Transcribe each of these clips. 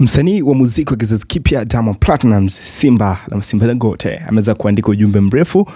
Msanii wa muziki wa kizazi kipya Diamond Platnumz Simba la Masimba Dangote ameweza kuandika ujumbe mrefu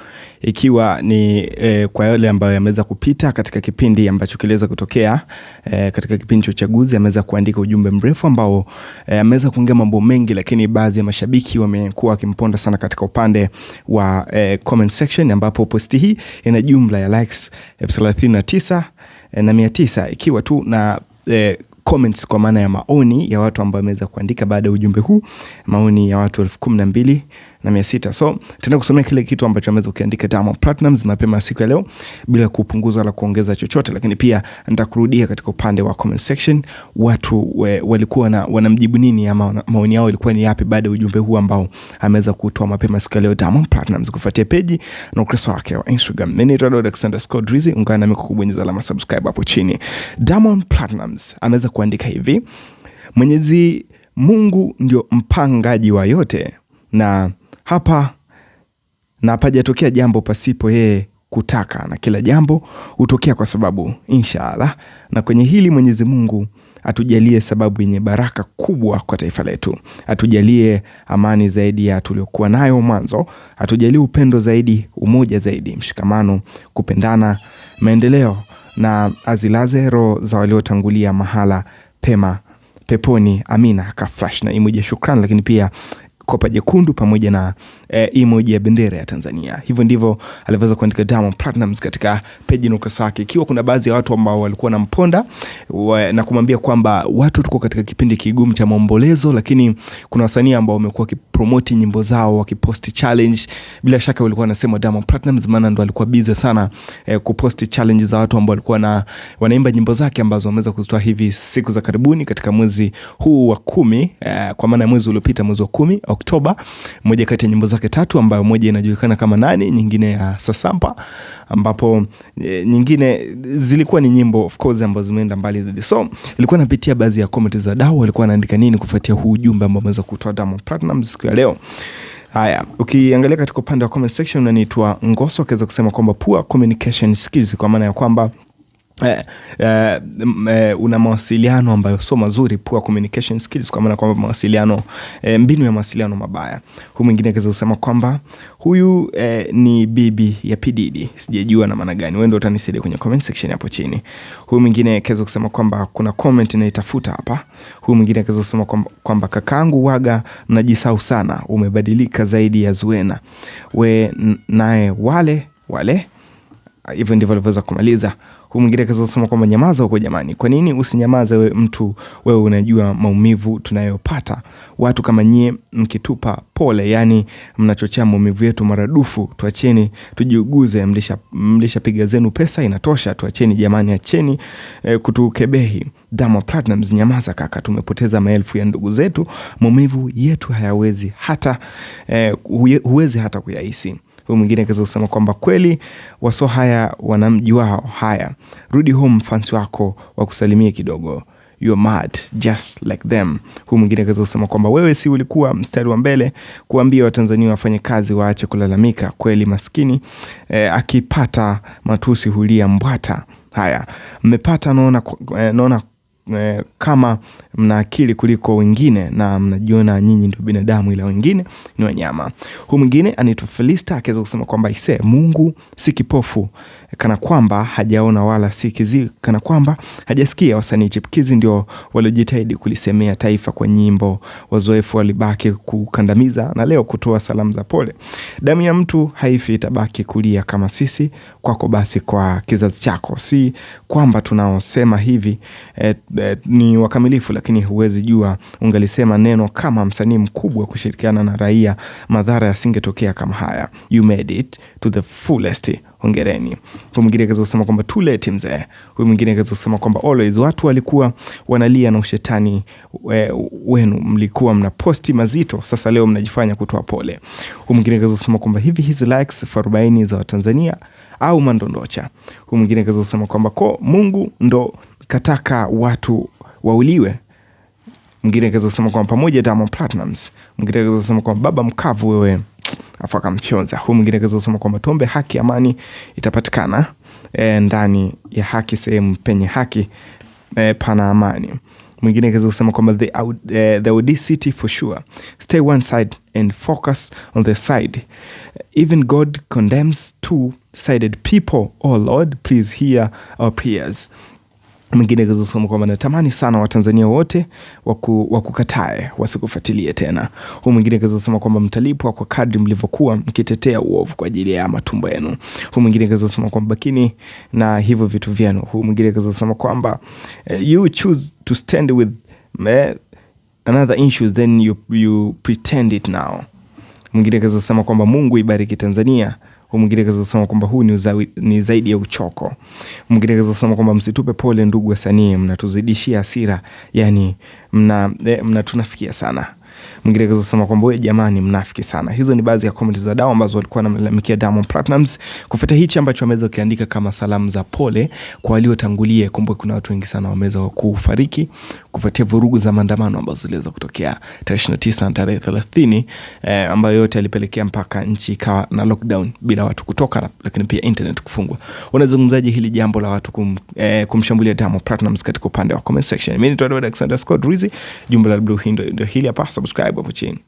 ikiwa ni e, kwa yale ambayo yameweza kupita katika kipindi ambacho kiliweza kutokea e, katika kipindi cha uchaguzi ameweza kuandika ujumbe mrefu ambao e, ameweza kuongea mambo mengi, lakini baadhi ya mashabiki wamekuwa wakimponda sana katika upande wa e, comment section, ambapo posti hii ina jumla ya likes elfu thelathini na tisa na mia tisa ikiwa tu na E, comments kwa maana ya maoni ya watu ambao wameweza kuandika baada ya ujumbe huu, maoni ya watu elfu kumi na mbili na mia sita. So tenda kusomea kile kitu ambacho ameweza kukiandika Diamond Platnumz mapema siku ya leo bila kupunguza wala kuongeza chochote, lakini pia nitakurudia katika upande wa comment section, watu we, walikuwa na, wanamjibu nini ama maoni yao ilikuwa ni yapi baada ya ujumbe huu ambao ameweza kutoa mapema siku ya leo Diamond Platnumz. Kufuatia peji na ukurasa wake wa Instagram, mimi ni Alexander Scott Drizzy, ungana nami kwa kubonyeza alama subscribe hapo chini. Diamond Platnumz ameweza kuandika hivi: Mwenyezi Mungu ndio mpangaji wa yote na hapa na hapajatokea jambo pasipo yeye kutaka, na kila jambo hutokea kwa sababu, inshallah. Na kwenye hili Mwenyezi Mungu atujalie sababu yenye baraka kubwa kwa taifa letu, atujalie amani zaidi ya tuliokuwa nayo mwanzo, atujalie upendo zaidi, umoja zaidi, mshikamano, kupendana, maendeleo, na azilaze roho za waliotangulia mahala pema peponi. Amina. Kafresh na imuje, shukrani, lakini pia kopa jekundu pamoja na eh, emoji ya bendera ya Tanzania. Hivyo ndivyo alivyoweza kuandika Diamond Platnumz katika peji na ukurasa wake, ikiwa kuna baadhi ya watu ambao walikuwa wanamponda na kumwambia kwamba watu tuko katika kipindi kigumu cha maombolezo, lakini kuna wasanii ambao wamekuwa wakipromoti nyimbo zao wakiposti challenge. Bila shaka walikuwa wanasema Diamond Platnumz, maana ndo alikuwa busy sana eh, kuposti challenge za watu ambao walikuwa na wanaimba nyimbo zake ambazo wameweza kuzitoa hivi siku za karibuni katika mwezi huu wa kumi eh, kwa maana mwezi uliopita, mwezi wa kumi Oktoba, moja kati ya nyimbo zake zake tatu ambayo moja inajulikana kama nani, nyingine ya Sasampa, ambapo e, nyingine zilikuwa ni nyimbo of course ambazo zimeenda mbali zaidi. So ilikuwa napitia baadhi ya comment za dau walikuwa wanaandika nini kufuatia huu ujumbe ambao ameweza kutoa Diamond Platnumz siku ya leo. Haya, ukiangalia katika upande wa comment section, unaitwa Ngoso akaweza kusema kwamba poor communication skills, kwa maana ya kwamba Eh, eh, eh, una mawasiliano ambayo sio mazuri, poor communication skills, kwa maana kwamba mawasiliano eh, mbinu ya mawasiliano mabaya. Huyu mwingine akaweza kusema kwamba huyu eh, ni bibi ya PDD, sijajua na maana gani. Wewe ndio utanisaidia kwenye comment section hapo chini. Huyu mwingine akaweza kusema kwamba kuna comment na itafuta hapa. Huyu mwingine akaweza kusema kwamba, kwamba kakaangu waga mnajisau sana, umebadilika zaidi ya Zuena we naye wale wale. Hivyo ndivyo alivyoweza kumaliza. Huyu mwingine akasema kwamba nyamaza huko jamani, kwa nini usinyamaze we mtu, wewe unajua maumivu tunayopata. Watu kama nyie mkitupa pole, yani mnachochea maumivu yetu maradufu. Tuacheni tujiuguze, mlisha mlishapiga zenu pesa, inatosha. Tuacheni jamani, acheni e, kutukebehi. Diamond Platnumz, nyamaza kaka, tumepoteza maelfu ya ndugu zetu, maumivu yetu hayawezi hata e, huwezi hata kuyahisi. Huyu mwingine akaweza kusema kwamba kweli waso haya wana mji wao. Haya, rudi home, mfansi wako wakusalimia kidogo. You're mad just like them. Huyu mwingine akaweza kusema kwamba wewe si ulikuwa mstari wa mbele kuambia Watanzania wafanye kazi, waache kulalamika. Kweli maskini e, akipata matusi hulia mbwata. Haya, mmepata naona, eh, naona e, kama mna akili kuliko wengine na mnajiona nyinyi ndio binadamu ila wengine ni wanyama. Huyu mwingine anaitwa Felista akaweza kusema kwamba ise Mungu si kipofu kana kwamba hajaona wala si kiziwi kana kwamba hajasikia. Wasanii chipkizi ndio waliojitahidi kulisemea taifa kwa nyimbo, wazoefu walibaki kukandamiza na leo kutoa salamu za pole. Damu ya mtu haifi, itabaki kulia kama sisi, kwako basi kwa kizazi chako. Si kwamba tunaosema hivi eh, eh, ni wakamilifu lakini huwezi jua ungalisema neno kama msanii mkubwa kushirikiana na raia, madhara yasingetokea kama haya. You made it to the fullest, hongereni. Huyu mwingine akaweza kusema kwamba too late mzee. Huyu mwingine akaweza kusema kwamba always, watu walikuwa wanalia na ushetani we, wenu mlikuwa mna posti mazito, sasa leo mnajifanya kutoa pole. Huyu mwingine akaweza kusema kwamba hivi hizi likes 40 za Watanzania au mandondocha. Huyu mwingine akaweza kusema kwamba ko Mungu ndo kataka watu wauliwe Mwingine akaweza kusema kwamba pamoja Diamond Platnumz. Mwingine akaweza kusema kwamba baba mkavu wewe, afu akamfyonza. Huyu mwingine akaweza kusema kwamba tuombe haki, amani itapatikana e, ndani ya haki, sehemu penye haki e, pana amani. Mwingine akaweza kusema kwamba the, uh, the audacity for sure stay one side and focus on the side even God condemns two sided people oh Lord please hear our prayers mwingine kuzosoma kwamba natamani sana Watanzania wote waku, wakukatae wasikufuatilie tena. Huu mwingine kuzosoma kwamba mtalipwa kwa kadri mlivyokuwa mkitetea uovu kwa ajili ya matumbo yenu. hu mwingine kuzosoma kwamba bakini na hivyo vitu vyenu. hu mwingine kuzosoma kwamba eh, you choose to stand with eh, another issues then you, you pretend it now. Mwingine kuzosema kwamba Mungu ibariki Tanzania. Mwingereza kwamba huu ni, uzawi, ni zaidi ya uchoko. Mwingereza kwamba msitupe pole ndugu wasanii, mnatuzidishia hasira, yani e, mnatunafikia mna sana. Mwingereza kwamba wewe jamani, mnafiki sana. Hizo ni baadhi ya komenti za dau ambazo walikuwa wanamlalamikia Diamond Platnumz kufuata hichi ambacho ameweza kukiandika kama salamu za pole kwa waliotangulia. Kumbuka kuna watu wengi sana wameweza kufariki kufuatia vurugu za maandamano ambazo ziliweza kutokea tarehe 29 na tarehe 30 eh, ambayo yote yalipelekea mpaka nchi ikawa na lockdown bila watu kutoka, lakini pia internet kufungwa. Unazungumzaje hili jambo la watu kum, eh, kumshambulia Diamond Platnumz katika upande wa comment section? Mimi ni Alexander Scott Rizzi, jumba la blue ndio hili hapa, subscribe hapo chini.